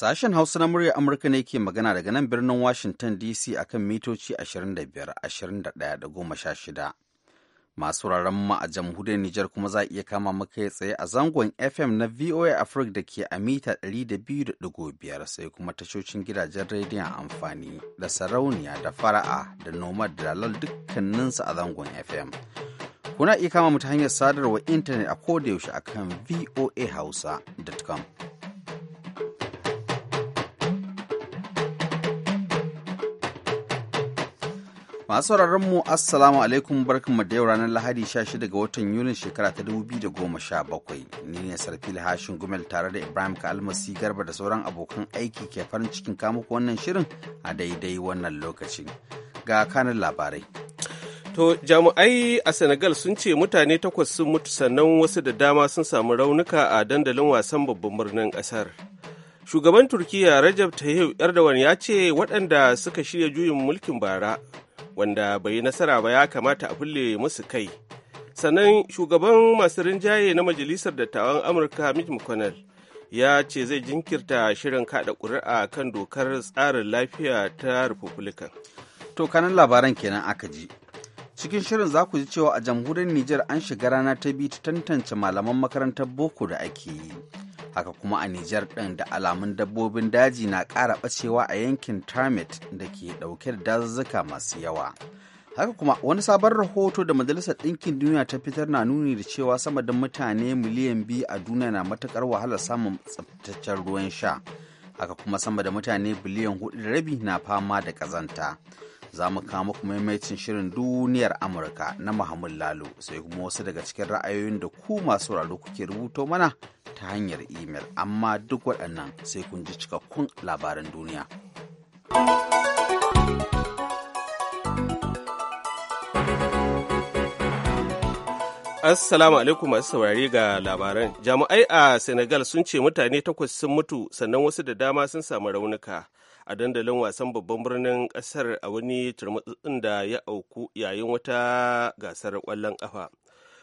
Sashen Hausa na murya Amurka ne ke magana daga nan birnin Washington DC akan mitoci 25-21-16. Masu wuraren mu a jamhuriyar Nijar kuma za a iya kama maka tsaye a zangon FM na VOA Africa da ke a mita 200.5 sai kuma tashocin gidajen rediyon amfani da sarauniya da fara'a da nomad da dalal dukkaninsu a zangon FM. Kuna iya kama mu ta hanyar sadarwa intanet a kodayaushe akan voahausa.com. Masu sauraron mu Assalamu alaikum barkan mu da yau ranar Lahadi 16 ga watan Yulin shekara ta 2017. Ni ne Sarfil Hashin Gumel tare da Ibrahim Kalmasi Garba da sauran abokan aiki ke farin cikin kamuku wannan shirin a daidai wannan lokacin. Ga kanin labarai. To jami'ai a Senegal sun ce mutane takwas sun mutu sannan wasu da dama sun samu raunuka a dandalin wasan babban birnin ƙasar. Shugaban Turkiyya Rajab Tayyip Erdogan ya ce waɗanda suka shirya juyin mulkin bara wanda bai yi nasara ba ya kamata a kulle musu kai sannan shugaban masu rinjaye na majalisar dattawan amurka mitch mcconnell ya ce zai jinkirta shirin kada ƙuri'a kan dokar tsarin lafiya ta republican to kanan labaran kenan aka ji cikin shirin za ku ji cewa a jamhuriyar Nijar an shiga rana ta biyu ta tantance malaman makarantar boko da ake yi haka kuma a Nijar ɗin da alamun dabbobin daji na ƙara ɓacewa a yankin Tramit da ke ɗauke da dazuzzuka masu yawa. Haka kuma wani sabon rahoto da Majalisar Ɗinkin Duniya ta fitar na nuni da cewa sama da mutane miliyan biyu a duniya na matuƙar wahalar samun tsabtataccen ruwan sha. Haka kuma sama da mutane biliyan hudu da rabi na fama da ƙazanta. za mu kawo muku maimaitin shirin duniyar amurka na muhammad lalo sai kuma wasu daga cikin ra'ayoyin da ku masu raro kuke rubuto mana ta hanyar imel amma duk waɗannan sai kun ji cikakkun labaran duniya. Assalamu alaikum masu saurari ga labaran. Jami'ai a Senegal sun ce mutane takwas sun mutu sannan wasu da dama sun samu raunuka a dandalin wasan babban birnin kasar a wani turmutsutsun da ya auku yayin wata gasar kwallon kafa.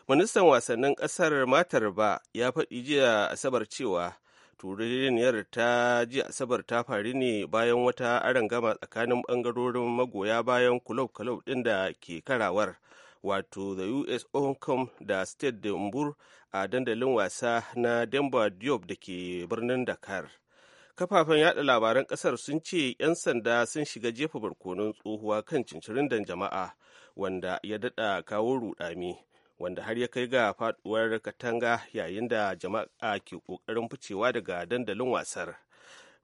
ministan wasannin kasar matar ba ya faɗi jiya asabar cewa turiniyar ta ji asabar ta faru ne bayan wata gama tsakanin bangarorin magoya bayan kulob-kulob din da ke karawar wato the us oncom da state dembur a dandalin wasa na denver diop da ke birnin dakar kafafen yada labaran kasar sun ce 'yan sanda sun shiga jefa barkonon tsohuwa kan cincirin jama'a wanda ya dada kawo rudami wanda har ya kai ga faduwar katanga yayin da jama'a ke kokarin ficewa daga dandalin wasar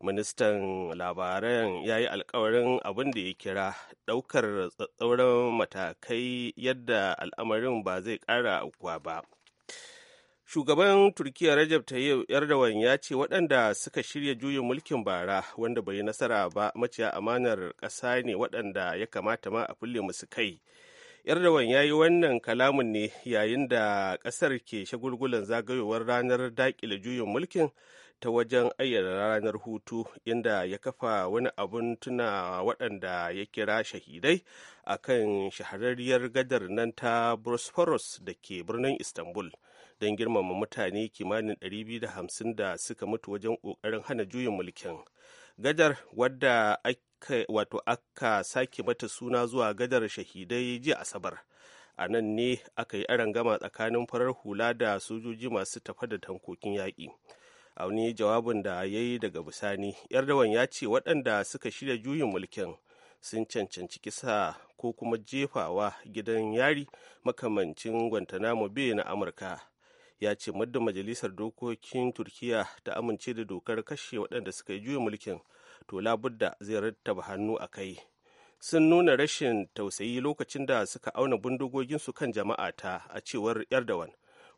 ministan labaran ya yi alkawarin abin da ya kira daukar tsatsauran matakai yadda al'amarin ba zai kara aukuwa ba shugaban turkiya rajab tayyip erdogan ya ce waɗanda suka shirya juyin mulkin bara wanda bai nasara ba maciya amanar ƙasa ne waɗanda ya kamata ma a fulle musu kai Erdogan ya yi wannan kalamin ne yayin da ƙasar ke shagulgulan zagayowar ranar daƙile juyin mulkin ta wajen ayyana ranar hutu inda ya kafa wani abun tuna waɗanda ya kira shahidai a kan shahararriyar gadar nan ta Bosphorus, da ke birnin Istanbul don girmama mutane kimanin 250 da suka mutu wajen ƙoƙarin hana juyin mulkin. Gadar wadda ake aka wato aka sake mata suna zuwa gadar shahidai jiya asabar a nan ne aka yi gama tsakanin farar hula da sojoji masu tafa da tankokin yaƙi a wani jawabin da ya yi daga bisani yardawan ya ce waɗanda suka shirya juyin mulkin sun cancanci kisa ko kuma jefawa gidan yari makamancin guantanamo bay na amurka ya ce muddin majalisar dokokin turkiya ta amince da dokar kashe waɗanda suka yi juyin mulkin to labudda zai rattaba hannu a kai sun nuna rashin tausayi lokacin da suka auna bindigoginsu kan jama'a ta a cewar erdogan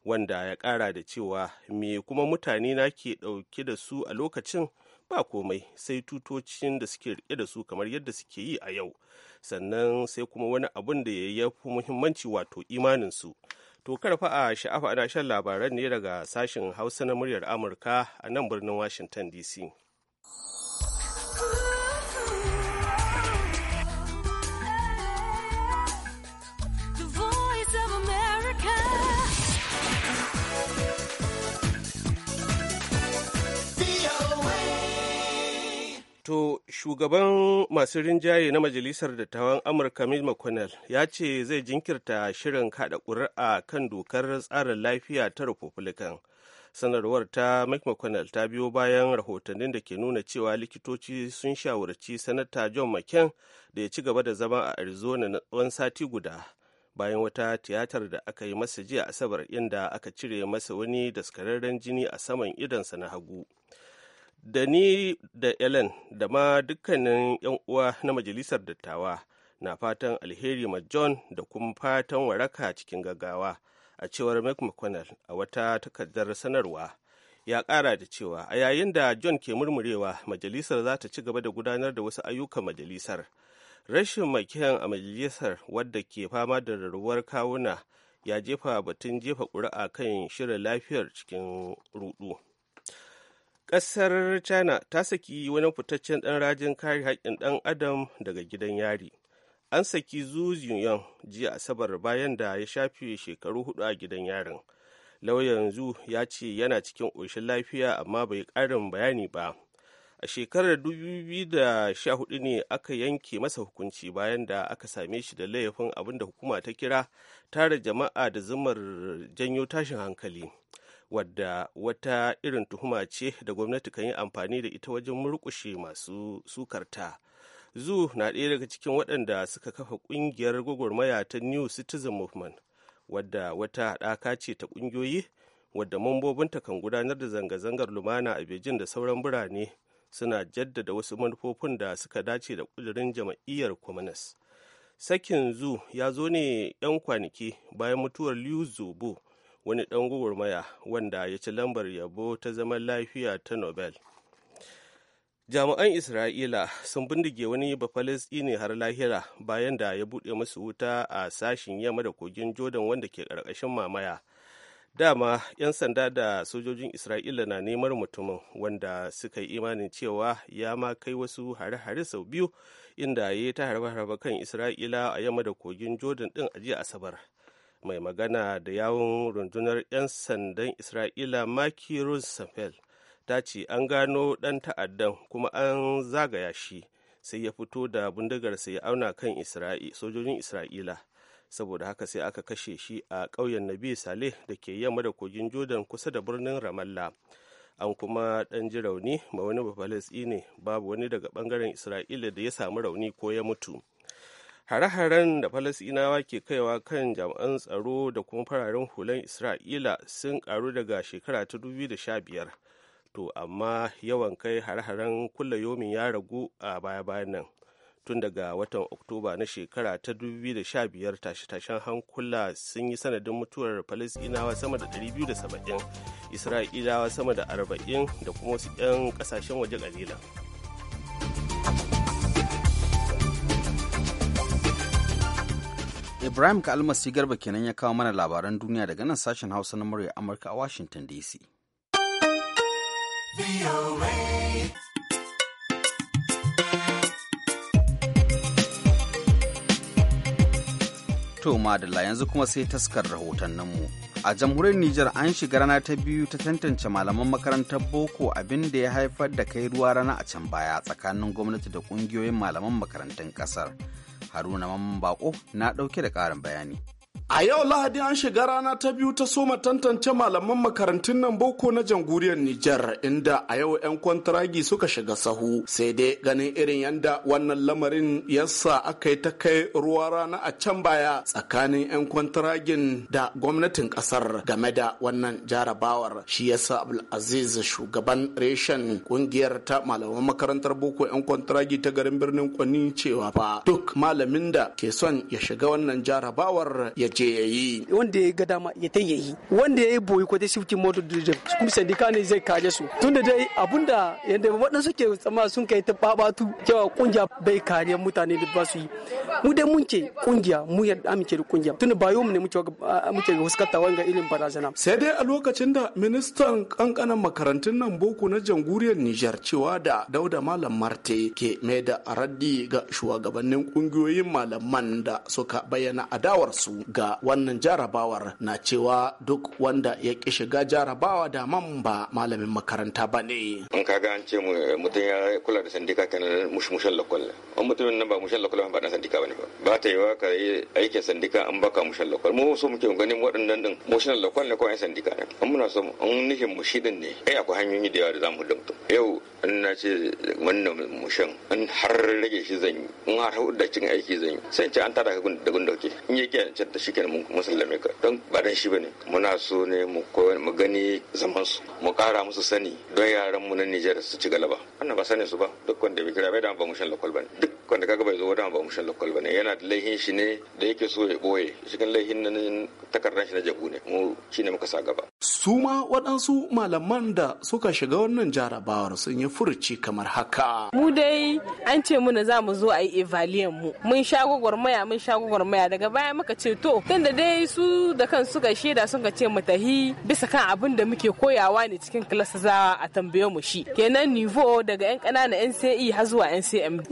wanda ya kara da cewa me kuma mutane na ke dauke da su a lokacin ba komai sai tutocin da suke rike da su kamar yadda suke yi a yau sannan sai kuma wani abun da ya fi muhimmanci wato imaninsu to karfa a sha'afa ana shan labaran ne daga sashen hausa na muryar amurka a nan birnin washington dc To, shugaban masu rinjaye na Majalisar Dattawan Amurka Mitch McConnell ya ce zai jinkirta shirin kada ƙuri'a kan dokar tsarin lafiya ta Republican. Sanarwar ta Mike McConnell ta biyo bayan rahotannin da ke nuna cewa likitoci sun shawarci Sanata John McCain da ya ci gaba da zama a Arizona na tsawon sati guda bayan wata tiyatar da aka yi masa jiya Asabar inda aka cire masa wani daskararren jini a saman idonsa na hagu. da ni da ellen da ma dukkanin 'yan uwa na majalisar dattawa na fatan alheri ma john da kuma fatan waraka cikin gaggawa a cewar Mike mcconnell a wata takardar sanarwa ya kara da cewa a yayin da john ke murmurewa majalisar za ta ci gaba da gudanar da wasu ayyukan majalisar rashin makiyan a majalisar wadda ke fama da rarrabuwar kawuna ya jefa batun jefa ƙuri'a kan shirin lafiyar cikin rudu. ƙasar china ta saki wani fitaccen ɗan rajin kare haƙƙin ɗan adam daga gidan yari an saki zu Yong jiya asabar bayan da ya shafe shekaru hudu a gidan yarin lauyan zu ya ce yana cikin ƙoshin lafiya amma bai ƙarin bayani ba a shekarar 2014 ne aka yanke masa hukunci bayan da aka same shi da laifin abin da hukuma ta kira tara jama'a da zumar janyo tashin hankali wadda wata irin tuhuma ce da gwamnati kan yi amfani da ita wajen murƙushe masu sukarta. zu na ɗaya daga cikin waɗanda suka kafa ƙungiyar gwagwarmaya ta new citizen movement wadda wata haɗaka ce ta ƙungiyoyi wadda mambobinta kan gudanar da zanga-zangar lumana a beijing da sauran birane suna jaddada wasu manufofin da suka dace da ƙudurin jama'iyyar communist sakin zu ya zo ne 'yan kwanaki bayan mutuwar liu zobo wani ɗan gwagwarmaya wanda ya ci lambar yabo ta zaman lafiya ta nobel jami'an isra'ila sun bindige wani bafalistini har lahira bayan da ya buɗe masu wuta a sashen yamma da kogin jordan wanda ke ƙarƙashin mamaya dama 'yan sanda da sojojin isra'ila na neman mutumin wanda suka yi imanin cewa ya ma kai wasu hare-hare sau biyu inda ya yi ta harbe-harbe kan isra'ila a yamma da kogin jordan ɗin a jiya asabar mai magana da yawon rundunar 'yan sandan isra'ila maki rosenfeld ta ce an gano ɗan ta'addan kuma an zagaya shi sai ya fito da bindigar bindigarsa ya auna kan sojojin isra'ila saboda haka sai aka kashe shi a ƙauyen nabi saleh da ke yamma da kogin jordan kusa da birnin ramallah an kuma ɗan ji rauni ma wani ne babu wani daga ɓangaren isra'ila da ya samu rauni ko ya mutu hare-haren da falasinawa ke kaiwa kan jami'an tsaro da kuma fararen hulan isra'ila sun karu daga shekara ta 2015 to amma yawan kai hare-haren kulle yomin ya ragu a baya-bayan nan tun daga watan oktoba na shekara ta 2015 tashe-tashen hankula sun yi sanadin mutuwar falasinawa sama da 270 isra'ilawa sama da 40 da kuma wasu 'yan kasashen waje kalilan. Ibrahim Kalmasi Garba kenan ya kawo mana labaran duniya daga nan sashen Hausa na murya Amurka a Washington DC. To madalla yanzu kuma sai taskar rahotanninmu. A jamhuriyar Nijar an shiga rana ta biyu ta tantance malaman makarantar boko abin da ya haifar da kai ruwa rana a can baya tsakanin gwamnati da ƙungiyoyin malaman makarantun ƙasar. Haruna Mamman Bako na ɗauke da ƙarin bayani. A yau Lahadi an shiga rana ta biyu ta soma tantance malaman makarantun nan boko na jamhuriyar Nijar inda a yau 'yan kwantaragi suka shiga sahu sai dai ganin irin yanda wannan lamarin yasa aka yi ta kai ruwa rana a can baya tsakanin 'yan kwantaragin da gwamnatin kasar game da wannan jarabawar shi yasa Abdulaziz shugaban reshen kungiyar ta malaman makarantar boko 'yan kwantaragi ta garin birnin Kwani cewa fa duk malamin da ke son ya shiga wannan jarabawar ya ce ya yi wanda ya ga dama ya tai ya yi wanda ya yi boyi ko dai mota moto da kuma sandika ne zai kaje su tunda dai abunda yadda waɗansu ke tsamma sun kai ta babatu cewa kungiya bai kariyar mutane da ba su yi mu dai mun ce kungiya mu yadda amince da kungiya tunda ba yau mu ne muke ga huskata wanga irin barazana sai dai a lokacin da ministan kankanan makarantun nan boko na jamhuriyar Nijar cewa da Dauda Malam Marte ke mai da raddi ga shugabannin kungiyoyin malaman da suka bayyana adawarsu ga wannan jarabawar na cewa duk wanda ya ki shiga jarabawa da man ba malamin makaranta ba ne. An ka ga an ce mutum ya kula da sandika kenan mushmushan lakwal. An mutumin nan ba mushan lakwal ba dan sandika ne ba. Ba ta wa ka yi aikin sandika an baka mushan lakwal. Mu so muke ganin waɗannan din mushan lakwal ne ko yan sandika ne. An muna so an nufin mushi din ne. Ai akwai hanyoyi da yawa da zamu da mutum. Yau an na ce wannan mushan an har rage shi zan yi. In har hudu da cin aiki zan yi. Sai ce an tara ka da ke. In yake an ce ke mun musulmi ka don ba dan shi bane muna so ne mu mu gani zaman su mu kara musu sani don yaran mu na Nijar su ci galaba wannan ba sani su ba duk wanda bai kira bai da ba mushin lokal bane duk wanda kaga bai zo da ba mushin lokal bane yana da laihin shi ne da yake so ya boye cikin laihin nan takardar shi na jabu ne mu ne muka sa gaba su ma waɗansu malaman da suka shiga wannan jarabawar sun yi furuci kamar haka mu dai an ce muna za mu zo a yi evaliyan mu mun sha gwagwarmaya mun sha gwagwarmaya daga baya muka ce to tun da dai su da kan suka shaida suka ce mu tahi bisa kan abin da muke koyawa ne cikin kilasazawa a tambaye mu shi kenan nivo daga yan kanana yan sai e har zuwa yan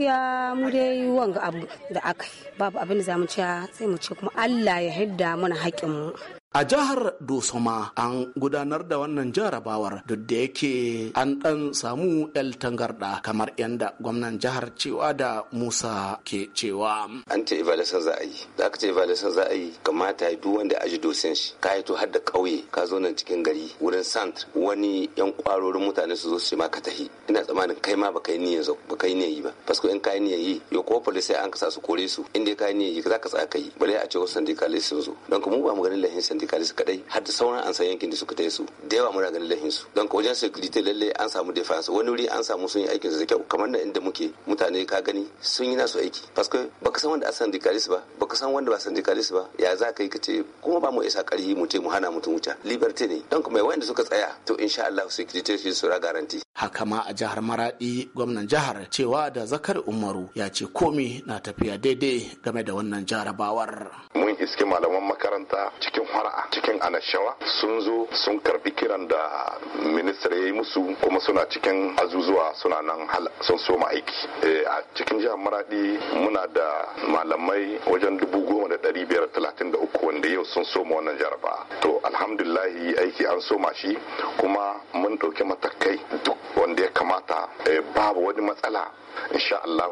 ya mu dai wanga abu da aka babu abin da zamu ci sai mu ce kuma Allah ya hidda mana haƙƙin mu A jihar Dosoma an gudanar da wannan jarabawar duk da yake an ɗan samu 'yan tangarɗa kamar yadda gwamnan jihar cewa da Musa ke cewa. An ce ibalisa za a yi, za ka ce ibalisa za a yi kamata ya duk wanda aji dosin shi, ka yi to har da ƙauye ka zo nan cikin gari wurin sant wani 'yan ƙwarorin mutane su zo su ma ka tahi. Ina tsammanin kai ma baka yi niyan zo baka yi niyan yi ba. Fasko in ka yi niyan yi, yo ko sai an kasa su kore su, inda ka yi niyan yi za ka tsaka yi, bare a ce wasu sandikali sun zo. Don mu ba mu ganin lahin da kare kadai har da sauran an san yankin da suka taisu su da yawa muna ganin lahin su don wajen security lalle an samu defense wani wuri an samu sun yi aikin su da kyau kamar nan inda muke mutane ka gani sun yi nasu aiki paske baka san wanda asan su ba baka san wanda ba san su ba ya za ka yi ka ce kuma ba mu isa karhi mu ce mu hana mutum wuta liberty ne don kuma wanda suka tsaya to insha Allah security shi su ra garanti haka ma a jihar maradi gwamnan jihar cewa da zakar umaru ya ce komi na tafiya daidai game da wannan jarabawar mun iske malaman makaranta cikin fara jama'a cikin anashawa sun zo sun karbi kiran da ministra ya yi musu kuma suna cikin azuzuwa suna nan sun soma aiki eh, a cikin jihar maradi muna da malamai wajen dubu goma da dari biyar talatin da uku wanda yau sun soma wannan jaraba to alhamdulillahi aiki an soma shi kuma mun ɗauki matakai duk wanda ya kamata eh, babu wani matsala insha Allah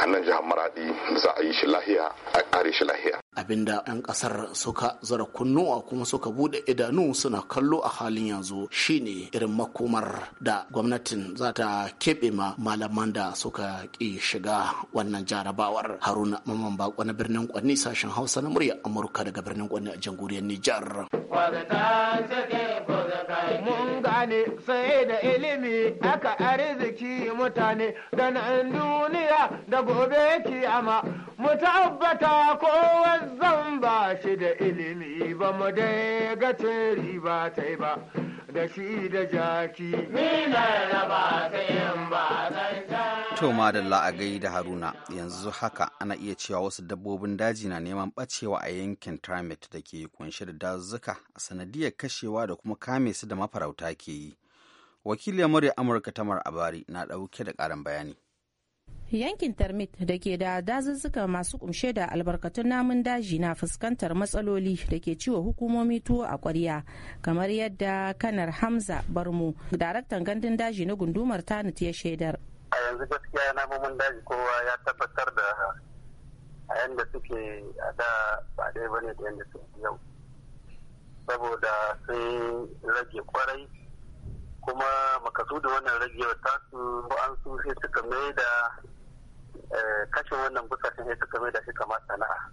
a nan jihar Maradi za a yi shi lahiya a kare shi lahiya abinda 'yan kasar suka zara kunnuwa kuma suka bude idanu suna kallo a halin yanzu shine irin makomar da gwamnatin za ta keɓe ma malaman da suka ƙi shiga wannan jarabawar haruna maman bako na birnin kwanni sashen hausa na murya amurka daga birnin kwanni a jamhuriyar nijar mun gane sai da ilimi aka arziki mutane don cikin duniya da gobe kiyama mu tabbata ko zan ba shi da ilimi ba mu dai ga riba ta ba da shi da jaki ni na raba ta yin ba to madalla a gai da haruna yanzu haka ana iya cewa wasu dabbobin daji na neman bacewa a yankin tramit da ke kunshe da dazuka a sanadiyar kashewa da kuma kame su da mafarauta ke yi wakiliyar murya amurka tamar abari na ɗauke da ƙarin bayani yankin termit da ke da dazuzzuka masu kumshe da albarkatun namun daji na fuskantar matsaloli da ke ciwo hukumomi tuwo a kwarya kamar yadda kanar hamza barmu daraktan gandun daji na gundumar tanit ya shaidar a yanzu gaskiya namomin daji kowa ya tabbatar da a yanda suke a da ba dai bane da yadda suke yau saboda sun rage kwarai kuma makasudin wannan rage wa tasu an su sai suka mai da Eh, kashe wannan bukatun ya suka da shi kama sana'a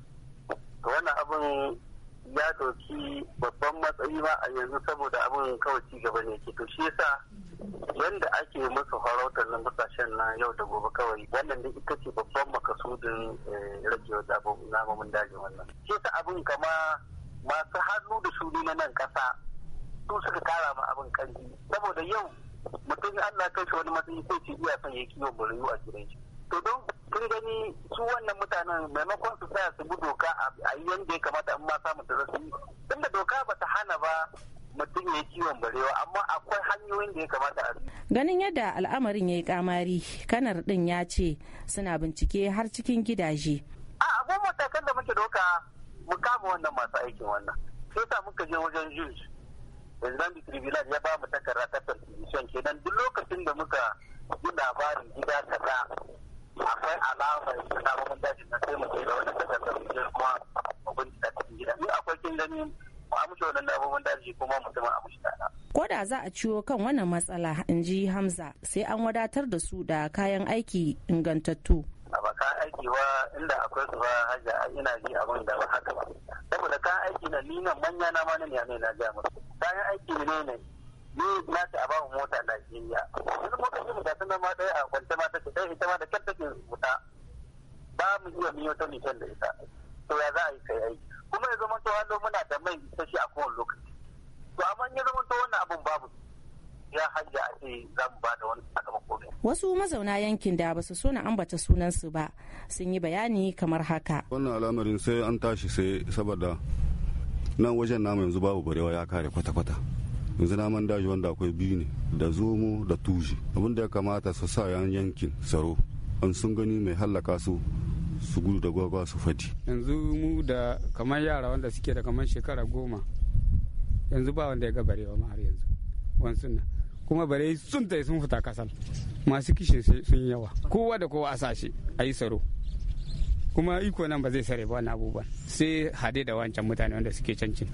wannan abin ya doki babban matsayi ba a yanzu saboda abin kawai ci gaba ne ke to shi yasa yadda ake musu farautar nan busashen na yau da gobe kawai wannan da ita ce babban makasudin eh, rage namomin daji wannan shi yasa abin kama masu hannu da shuni na nan kasa su suka kara ma abin kanji saboda yau mutum Allah kai shi wani matsayi sai ce iya son ya kiwon buriyu a gidan shi to don kun gani su wannan mutanen maimakon su tsaya su bi doka a yi yadda ya kamata in ma samun da rasu tunda doka ba ta hana ba mutum ya kiwon barewa amma akwai hanyoyin da ya kamata a ganin yadda al'amarin ya yi kamari kanar din ya ce suna bincike har cikin gidaje a abu matakan da muke doka mu kama wannan masu aikin wannan sai sa muka je wajen juj president tribunal ya ba mu takarda ta perquisition kenan duk lokacin da muka yi labarin gida kaza akwai alamar da namun daji na sai mu je da wani takardar mu je kuma mu bincika cikin gida in akwai kin gani mu amshi wannan namun daji kuma mu zama amshi kana ko da za a ciwo kan wannan matsala in ji hamza sai an wadatar da su da kayan aiki ingantattu a ba kayan aiki ba inda akwai su ba hajja ina ji abin da ba haka ba saboda kayan aiki na ni nan manya na ma ne ne na ga musu kayan aiki ne ne ni na ta ba mota Najeriya yanzu mota ce ga tana ma dai a kwanta ma take dai ita ma da kanta ke wuta ba mu iya miyo ta nishan da ita to ya za a yi sai ai kuma ya zama to hallo muna da mai ta shi a kowane lokaci to amma in ya zama to wannan abun babu ya hajja a ce za mu ba da wani sakamako Wasu mazauna yankin da ba su so na ambata sunansu ba sun yi bayani kamar haka. Wannan al'amarin sai an tashi sai saboda nan wajen namu yanzu babu barewa ya kare kwata-kwata. yanzu man daji wanda akwai biyu ne da zomo da tuji abin da ya kamata su sa yan yankin tsaro an sun gani mai hallaka su su gudu da gwagwa su fadi yanzu mu da kamar yara wanda suke da kamar shekara goma yanzu ba wanda ya ga barewa ma har yanzu wansu na kuma bare sun tai sun fita kasal masu kishin sun yawa kowa da kowa a a yi tsaro kuma iko nan ba zai sare ba wani abubuwan sai hade da wancan mutane wanda suke cancin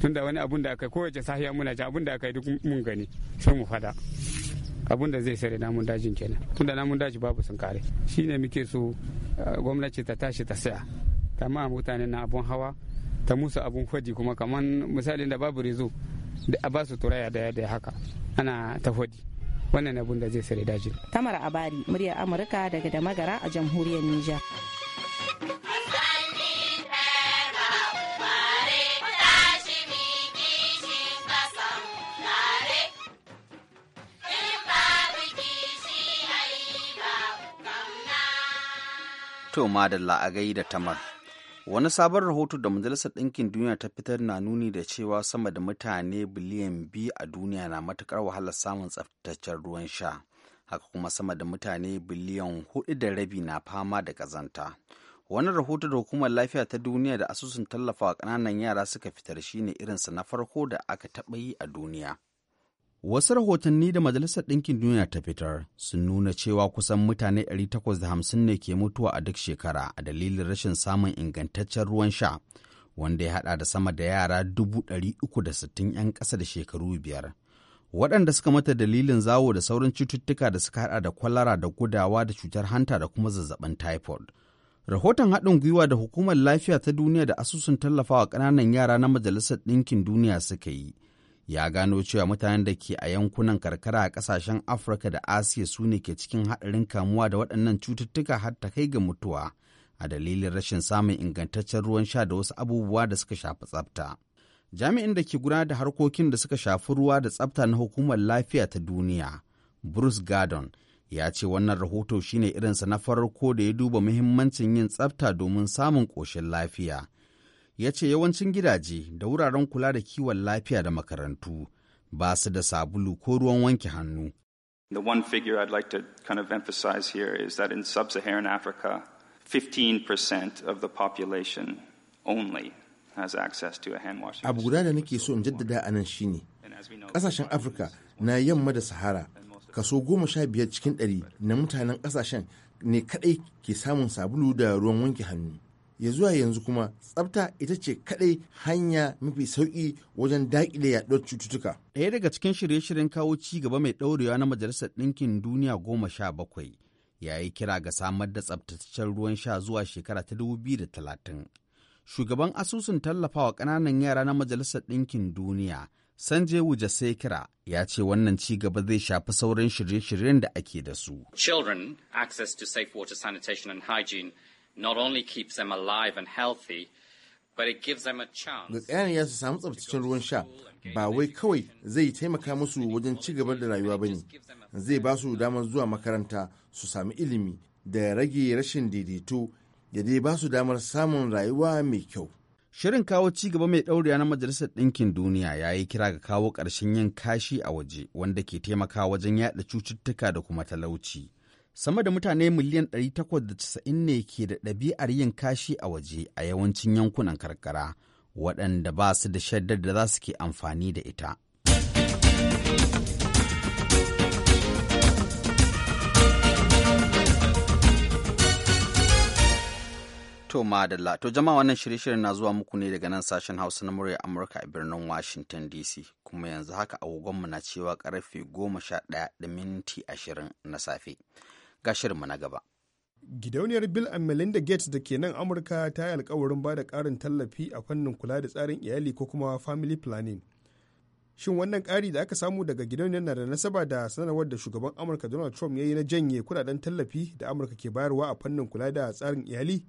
tunda wani abun da aka yi kowace sahiya muna ji abun da aka yi duk mun gani sai mu fada abun da zai sare namun dajin kenan tunda namun daji babu sun kare shi ne muke so eh, gwamnati ta tashi ta saya ta ma mutane na abun hawa ta musu abun faji kuma kamar misalin da babu rezo da a basu turaya daya daya haka ana ta faji wannan abun da zai sare dajin tamara abari muryar amurka daga damagara a jamhuriyar niger To madalla a gai da tamar. Wani sabon rahoto da Majalisar Ɗinkin Duniya ta fitar na nuni da cewa sama da mutane biliyan biyu a duniya na matuƙar wahalar samun tsaftataccen ruwan sha. Haka kuma sama da mutane biliyan hudu da rabi na fama da ƙazanta. Wani rahoto da Hukumar Lafiya ta Duniya da Asusun Tallafawa Ƙananan Yara suka fitar shine irinsa na farko da aka taɓa yi a duniya. Wasu rahotanni da Majalisar Ɗinkin Duniya ta fitar sun nuna cewa kusan mutane 850 ne ke mutuwa a duk shekara a dalilin rashin samun ingantaccen ruwan sha, wanda ya haɗa da sama da yara 360 'yan ƙasa da shekaru biyar. Waɗanda suka mata dalilin zawo da sauran cututtuka da suka haɗa da kwalara da gudawa da cutar hanta da kuma zazzabin typhoid. Rahoton haɗin gwiwa da Hukumar Lafiya ta Duniya da Asusun Tallafawa Ƙananan Yara na Majalisar Ɗinkin Duniya suka yi. ya gano cewa mutanen da ke a yankunan karkara a kasashen afirka da asiya su ne ke cikin haɗarin kamuwa da waɗannan cututtuka har ta kai ga mutuwa a dalilin rashin samun ingantaccen ruwan sha da wasu abubuwa da suka shafi tsafta jami'in da ke gudanar da harkokin da suka shafi ruwa da tsafta na hukumar lafiya ta duniya bruce gardon ya ce wannan rahoto shine irinsa na farko da ya duba muhimmancin yin tsafta domin samun ƙoshin lafiya ya ce yawancin gidaje da wuraren kula da kiwon lafiya da makarantu ba su da sabulu ko ruwan wanke hannu. The one figure I'd like to kind of emphasize here is that in sub-Saharan Africa, 15% of the population only has access to a hand washing. Abu guda da nake so in jaddada a nan shine, ƙasashen Afirka na yamma da Sahara, kaso goma sha biyar cikin ɗari na mutanen ƙasashen ne kaɗai ke samun sabulu da ruwan wanke hannu. ya zuwa yanzu kuma tsafta ita ce kadai hanya mafi sauki wajen daƙile yaɗuwar cututtuka. Ɗaya daga cikin shirye-shiryen kawo ci gaba mai ɗaurewa na Majalisar Ɗinkin Duniya goma sha bakwai ya yi kira ga samar da tsabtataccen ruwan sha zuwa shekara ta dubu biyu da talatin. Shugaban asusun tallafawa ƙananan yara na Majalisar Ɗinkin Duniya Sanje kira ya ce wannan ci gaba zai shafi sauran shirye-shiryen da ake da su. Children access to safe water sanitation and hygiene not only keeps them alive and healthy, but it gives them a chance. Ga ya su samu tsabtacin ruwan sha ba wai kawai zai taimaka musu wajen ci gaba da rayuwa ba ne, zai ba su damar zuwa makaranta su sami ilimi da rage rashin daidaito da dai ba su damar samun rayuwa mai kyau. Shirin kawo ci gaba mai ɗaurewa na Majalisar Ɗinkin Duniya ya yi kira ga kawo ƙarshen yin kashi a waje wanda ke taimakawa wajen yaɗa cututtuka da kuma talauci. sama da mutane miliyan 890 ne ke da ɗabi'ar yin kashi a waje a yawancin yankunan karkara waɗanda ba su da shaddar da za su ke amfani da ita. To madalla, to jama'a wannan shirye-shiryen na zuwa muku ne daga nan sashen Hausa na murya Amurka a birnin Washington DC, kuma yanzu haka agogonmu na cewa karfe goma sha ɗaya da minti ashirin na safe. ga shirinmu na gaba. Gidauniyar Bill and Melinda Gates da ke nan Amurka ta yi alkawarin ba da ƙarin tallafi a fannin kula da tsarin iyali ko kuma family planning. Shin wannan ƙari da aka samu daga gidauniyar na da nasaba da sanarwar da shugaban Amurka Donald Trump ya yi na janye kudaden tallafi da Amurka ke bayarwa a fannin kula da tsarin iyali?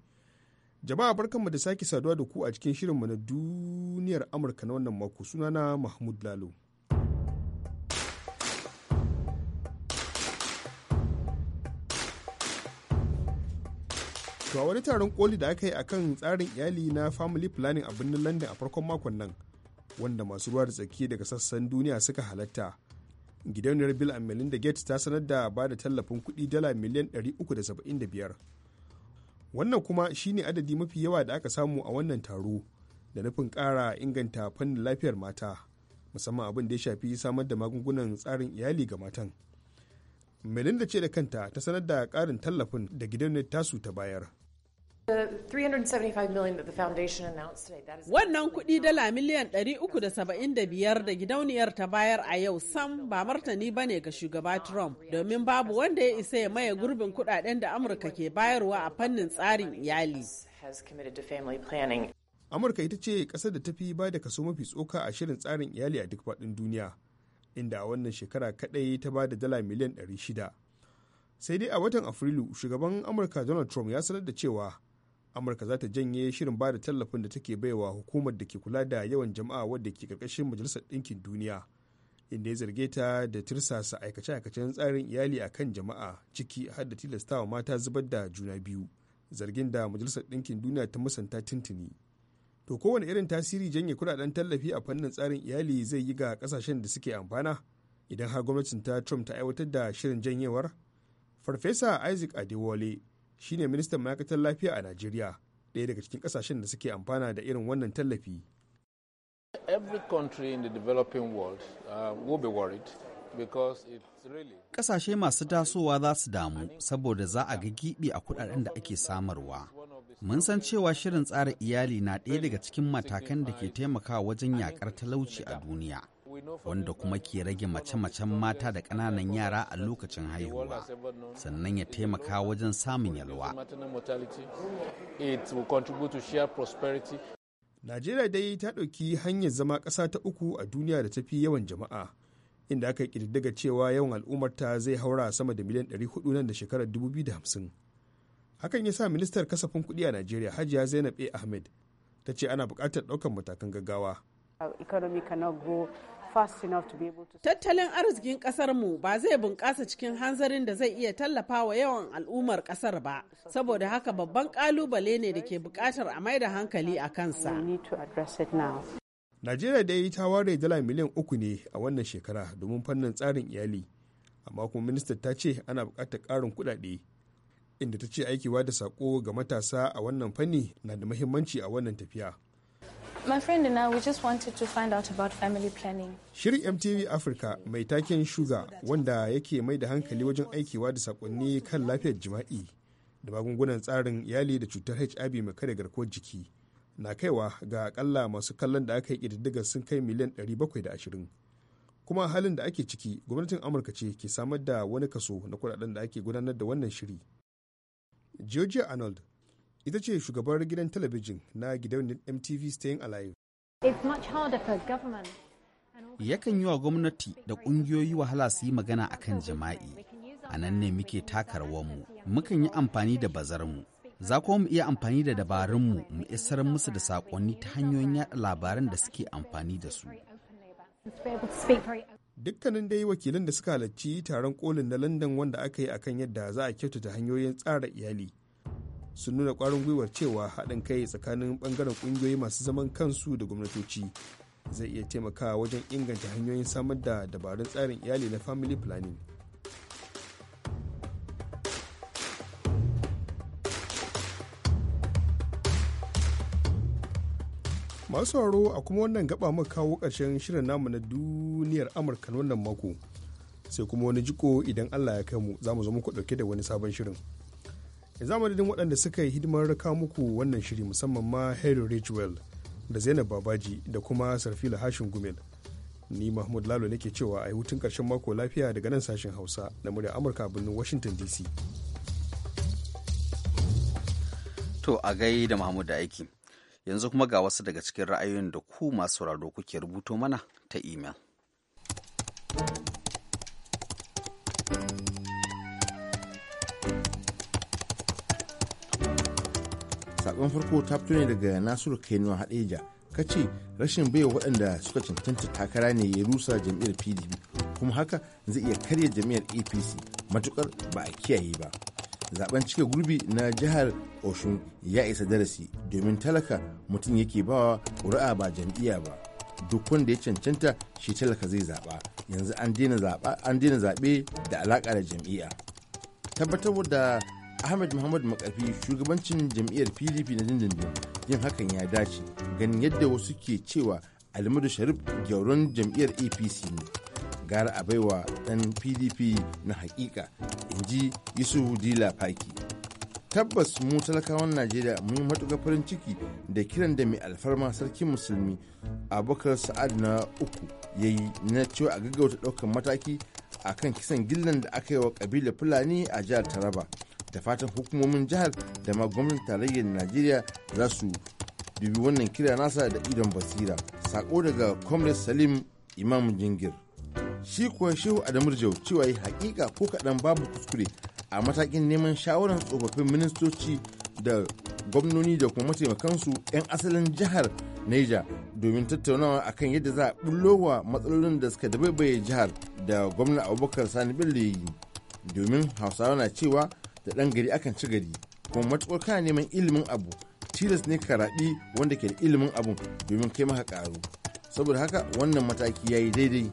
Jama'a barkanmu da sake saduwa da ku a cikin shirinmu na duniyar Amurka na wannan mako sunana Mahmud Lalo. To a wani taron koli da aka yi a kan tsarin iyali na family planning a birnin London a farkon makon nan wanda masu ruwa da tsaki daga sassan duniya suka halatta. Gidauniyar Bill and Melinda Gates ta sanar da ba da tallafin kuɗi dala miliyan 375. Wannan kuma shi ne adadi mafi yawa da aka samu a wannan taro da nufin ƙara inganta fannin lafiyar mata musamman abin da ya shafi samar da magungunan tsarin iyali ga matan. Melinda ce da kanta ta sanar da ƙarin tallafin da gidauniyar tasu ta bayar. Wannan kuɗi dala miliyan 375 da gidauniyar ta bayar a yau sam ba martani ba ne ga shugaba Trump domin babu wanda ya isa ya maye gurbin kuɗaɗen da Amurka ke bayarwa a fannin tsarin iyali. Amurka ita ce ƙasar da ta fi ba da kaso mafi tsoka a shirin tsarin iyali a duk faɗin duniya, inda a wannan shekara kaɗai ta ba da dala miliyan 600. Sai dai a watan Afrilu, shugaban Amurka Donald Trump ya sanar da cewa amurka za ta janye shirin ba da tallafin da take baiwa hukumar da ke kula da yawan jama'a wadda ke karkashin majalisar ɗinkin duniya inda ya zarge ta da tirsasa aikace-aikacen tsarin iyali a kan jama'a ciki har da tilastawa mata zubar da juna biyu zargin da majalisar ɗinkin duniya ta musanta tuntuni to kowane irin tasiri janye kudaden tallafi a fannin tsarin iyali zai yi ga kasashen da suke amfana idan har gwamnatin ta trump ta aiwatar da shirin janyewar farfesa isaac adewale shine ministan ma'aikatar lafiya a najeriya ɗaya daga cikin ƙasashen da suke amfana da irin wannan tallafi uh, Ƙasashe masu tasowa za su damu saboda za a ga giɓi a kuɗaɗen da ake samarwa. Mun san cewa shirin tsara iyali na ɗaya daga cikin matakan da ke taimakawa wajen yaƙar talauci a duniya. wanda kuma ke rage mace-macen mata da kananan yara a lokacin haihuwa sannan ya taimaka wajen samun yalwa. Najeriya dai ta ɗauki hanyar zama ƙasa ta uku a duniya da ta fi yawan jama'a inda aka ƙididdiga cewa yawan al'ummarta zai haura sama da miliyan 400 nan da shekarar 2050. Hakan ya sa ministar kasafin kuɗi a Najeriya Hajiya Zainab A. Ahmed ta ce ana buƙatar ɗaukar matakan gaggawa. economy Tattalin arzikin kasar mu ba zai bunƙasa cikin hanzarin da zai iya tallafa wa yawan al'ummar kasar ba saboda haka babban kalubale ne da ke bukatar a mai da hankali a kansa. Najeriya dai ta ware dala miliyan uku ne a wannan shekara domin fannin tsarin iyali amma kuma ministan ta ce ana buƙatar ƙarin kuɗaɗe inda ta ce aikewa da sako ga matasa a wannan fanni na da muhimmanci a wannan tafiya. My friend and to find out about family planning. Shirin MTV Africa mai taken shuga wanda yake mai da hankali wajen aikewa da sakonni kan lafiyar jima'i da magungunan tsarin iyali da cutar HIV mai kare garkuwar jiki na kaiwa ga akalla masu kallon da aka yi ƙididdigar sun kai miliyan 720. Kuma halin da ake ciki, gwamnatin Amurka ce ke samar da wani kaso na kudaden da ake gudanar da wannan shiri. Georgia Arnold ita ce shugabar gidan talabijin na gidauniyar mtv staying alive yakan yi wa gwamnati da ƙungiyoyi wahala su yi magana a kan jama'i a nan ne muke taka mu mukan yi amfani da bazarmu za kuma mu iya amfani da dabarunmu mu isar musu da saƙonni ta hanyoyin yaɗa labaran da suke amfani da su dukkanin dai wakilan da suka halarci taron kolin na london wanda aka yi akan yadda za a kyautata hanyoyin tsara iyali sun nuna kwarin gwiwar cewa haɗin kai tsakanin ɓangaren ƙungiyoyi masu zaman kansu da gwamnatoci zai iya taimakawa wajen inganta hanyoyin samar da dabarun tsarin iyali na family planning masu sauraro a kuma wannan gaba mu kawo ƙarshen shirin namu na duniyar amurka wannan mako sai kuma wani jiko idan allah ya kai mu za mu zama ku ɗauke da wani sabon shirin za mu waɗanda suka yi hidimar raka muku wannan shiri musamman ma Harry Ridgewell da Zainab Babaji da kuma Sarfila Hashin Gumel. Ni Mahmud Lalo nake cewa a yi hutun ƙarshen mako lafiya daga nan sashen Hausa na murya Amurka birnin Washington DC. To a gai da Mahmud da aiki. Yanzu kuma ga wasu daga cikin ra'ayoyin da ku masu sauraro kuke rubuto mana ta imel. sakon farko ta fito ne daga nasiru kainuwa hadeja ka ce rashin baiwa waɗanda suka cancanta takara ne ya rusa jam'iyyar pdp kuma haka zai iya karya jam'iyyar apc matukar ba a kiyaye ba zaben cike gurbi na jihar oshun ya isa darasi domin talaka mutum yake bawa ƙuri'a ba jam'iyya ba duk wanda ya cancanta shi talaka zai zaɓa yanzu an daina zaɓe da alaƙa da jam'iyya tabbatar da ahmed muhammad makafi shugabancin jam'iyyar pdp na dindindin yin hakan ya dace ganin yadda wasu ke cewa alimudu sharif gyauron jam'iyyar apc ne gara a baiwa dan pdp na hakika in ji yusuf dila faki tabbas mu talakawan najeriya mun yi matuƙar farin ciki da kiran da mai alfarma sarkin musulmi abubakar sa'ad na uku ya yi na cewa a gaggauta ɗaukar mataki akan kisan gillan da aka yi wa ƙabilar fulani a jihar taraba da fatan hukumomin jihar da ma gwamnatin tarayyar najeriya za su dubi wannan kira nasa da idon basira sako daga comrade salim imam jingir shi kuwa shehu adamu jau cewa yi hakika ko kaɗan babu kuskure a matakin neman shawarar tsofaffin ministoci da gwamnoni da kuma mataimakansu 'yan asalin jihar Neja domin tattaunawa akan yadda za a bullo wa matsalolin da suka dabaibaye jihar da gwamna abubakar sani bello yi domin hausawa na cewa da ɗan gari akan ci gari kuma matuƙar kana neman ilimin abu tilas ne karaɗi wanda ke da ilimin abu domin kai maka ƙaru saboda haka wannan mataki ya yi daidai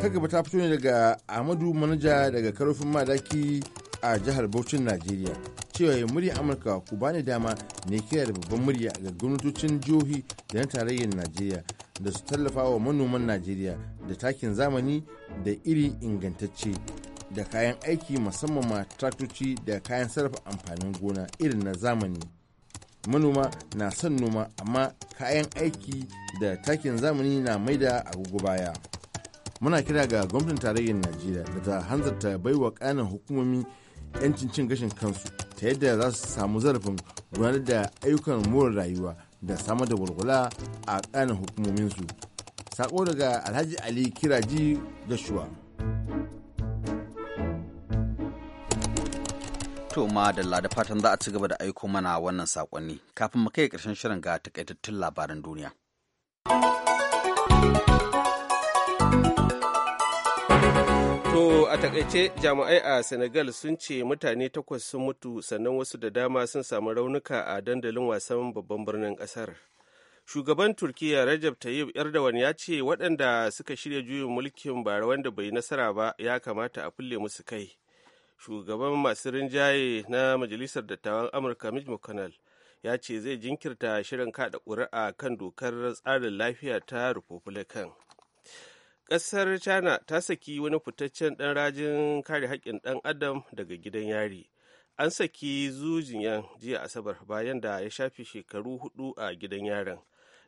ta gaba ta fito ne daga amadu manaja daga karofin madaki a jihar Bauchin Najeriya cewa ya murya Amurka ku bani dama ne kira da babban murya ga gwamnatocin jihohi da na tarayyar Najeriya da su tallafa wa manoman Najeriya da takin zamani da iri ingantacce da kayan aiki musamman ma traktoci da kayan sarrafa amfanin gona irin na zamani manoma na son noma amma kayan aiki da takin zamani na maida agogo baya muna kira ga gwamnatin tarayyar najeriya da ta hanzarta baiwa kanin hukumomi 'yancin cin gashin kansu ta yadda za su samu zarafin gudanar da ayyukan more rayuwa da samar da walwala a kanan hukumominsu sako daga alhaji ali kiraji gashuwa To ma da da fatan za a ci gaba da aiko mana wannan sakonni kafin mu kai ƙarshen shirin ga takaitattun labaran duniya. To a takaice jami'ai a Senegal sun ce mutane takwas sun mutu sannan wasu da dama sun samu raunuka a dandalin wasan babban birnin ƙasar. Shugaban Turkiyya Rajab Tayyip Erdogan ya ce waɗanda suka shirya juyin mulkin bara wanda bai nasara ba ya kamata a kulle musu kai. shugaban masu rinjaye na majalisar dattawan amurka mitch mcconnell ya ce zai jinkirta shirin kada ƙuri'a kan dokar tsarin lafiya ta republican ƙasar china ta saki wani fitaccen ɗan rajin kare haƙƙin ɗan adam daga gidan yari an saki zujiyan jiya asabar bayan da ya shafi shekaru hudu a gidan yaron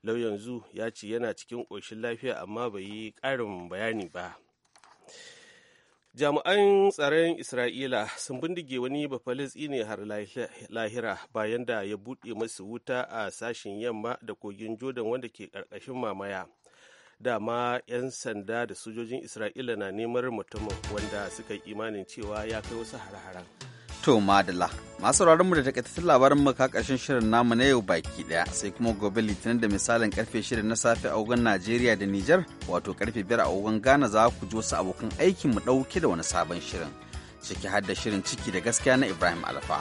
lauyan zu ya ce yana cikin ƙoshin lafiya amma bai yi ƙarin bayani ba jami'an tsaron isra'ila sun bindige wani ne har lahira bayan da ya buɗe masu wuta a sashen yamma da kogin jordan wanda ke ƙarƙashin mamaya dama 'yan sanda da sojojin isra'ila na neman mutumin wanda suka yi imanin cewa ya kai wasu har-haren To madala. Masu mu da takaitattun labarin makakashin shirin namu na yau baki ɗaya sai kuma gobe litinin da misalin karfe shirin na safe a wugan Najeriya da Nijar wato karfe biyar a wugan Ghana za ku ji wasu abokan aikin mu ɗauke da wani sabon shirin. Ciki har da shirin ciki da gaskiya na Ibrahim Alfa.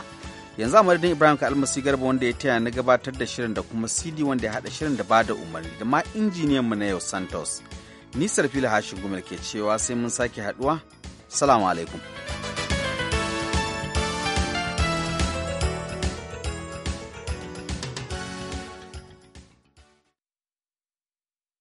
Yanzu a Ibrahim ka almasi garba wanda ya taya na gabatar da shirin da kuma CD wanda ya haɗa shirin da bada umarni da ma injiniyan mu na yau Santos. ni fili hashin gumar ke cewa sai mun sake haɗuwa. Salamu alaikum.